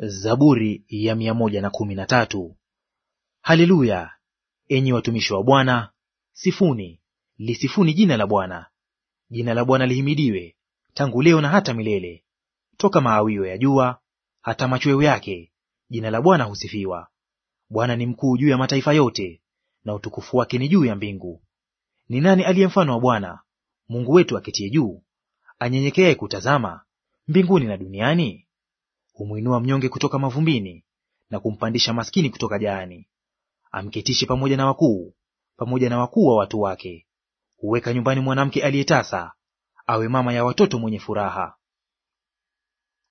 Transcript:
Zaburi ya mia moja na kumi na tatu. Haleluya! Enyi watumishi wa Bwana, sifuni, lisifuni jina la Bwana. Jina la Bwana lihimidiwe tangu leo na hata milele, toka maawio ya jua hata machweo yake, jina la Bwana husifiwa. Bwana ni mkuu juu ya mataifa yote, na utukufu wake ni juu ya mbingu. Ni nani aliye mfano wa Bwana Mungu wetu aketie juu, anyenyekeaye kutazama mbinguni na duniani? humwinua mnyonge kutoka mavumbini na kumpandisha maskini kutoka jaani. Amketishe pamoja na wakuu, pamoja na wakuu wa watu wake. Huweka nyumbani mwanamke aliyetasa, awe mama ya watoto mwenye furaha.